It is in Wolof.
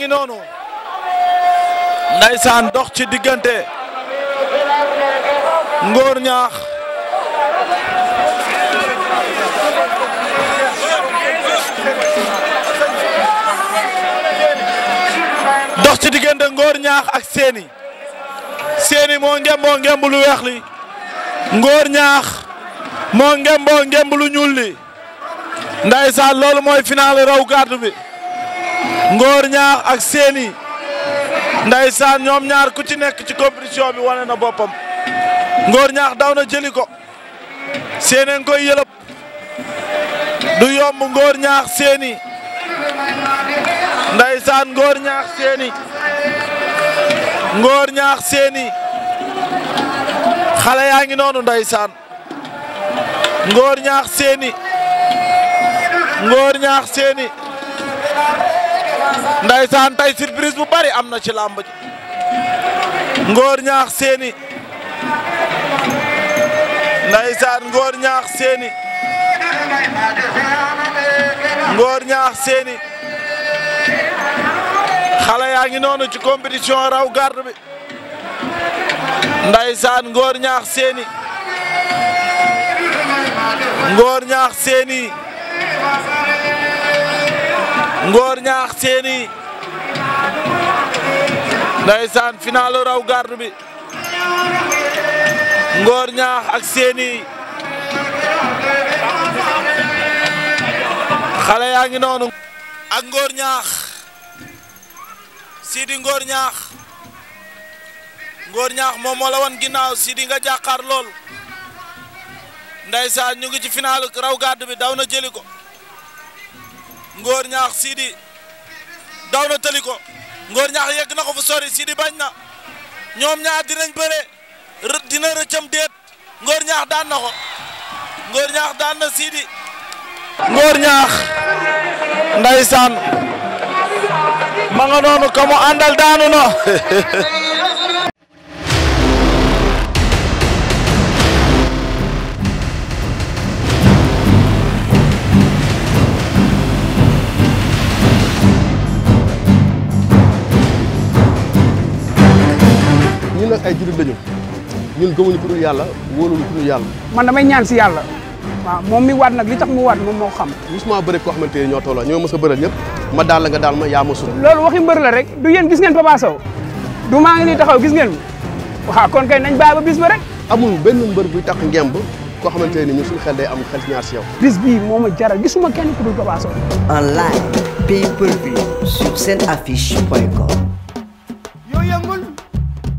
ngi noonu dox ci diggante Ngor Ñaax dox ci diggante Ngor Ñaax ak Séni Séni moo ngemboo ngemb lu weex li Ngor Ñaax moo ngemboo ngemb lu ñuul li ndaysaan loolu mooy final raw gàddu bi Ngor ñaax ak Séni ndaysaan ñoom ñaar ku ci nekk ci compétition bi wane na boppam Ngor ñaax daw na jëli ko Séni nga koy du yomb Ngor ñaax seeni nday Ngor ñaax Séni Ngor ñaax Séni xale yaa ngi noonu ndaysaan saan ñaax Séni Ngor ñaax seeni ndaysaan tay surprise bu bari am na ci làmb ji ngoor ñaax seeni ngoor ñaax seeni ngoor ñaax seeni xale yaa ngi noonu ci compétition raw garde bi ndaysaan ngoor ñaax seeni ngoor ñaax seeni ngoor ñaax seeni ndaysaan finaalu raw gardu bi ngoor ñaax ak seeni xale yaa ngi noonu. ak Ngor ñaax Sidi Ngor ñaax Ngor ñaax moom moo la wan ginnaaw Sidi nga jàkkaar lool nday ndaysaan ñu ngi ci finaalu raw gardu bi daw na jëli ko. ngóor ñaax Sidi daw na tëli ko ngóor ñaax yegg na ko fu sori Sidi bañ na ñoom ñaar dinañ bëre dina rëccam déet ngóor ñaax daan ko ngóor ñaax daan na Sidi. ngóor ñaax ndaysaan ma nga noonu ay jullit lañu ñun gëmuñu ku yàlla wóoluñu ku dul yàlla. man damay ñaan si yàlla. waaw moom mi waat nag li tax mu waat moom moo xam. musuma bëri koo xamante ne ñoo tolloo ñoo mës a bëral ñëpp ma daal la nga daal ma yaa ma suuf. loolu waxi mbër la rek du yéen gis ngeen Papa du maa ngi nii taxaw gis ngeen waaw kon kay nañ bàyyi ba bis ba rek. amul benn mbër buy tax ngemb koo xamante ne ñun suñu xel day am xel si ñaar si yow. bis bii moo a jaral gisuma kenn ku dul Papa seen affiche point com.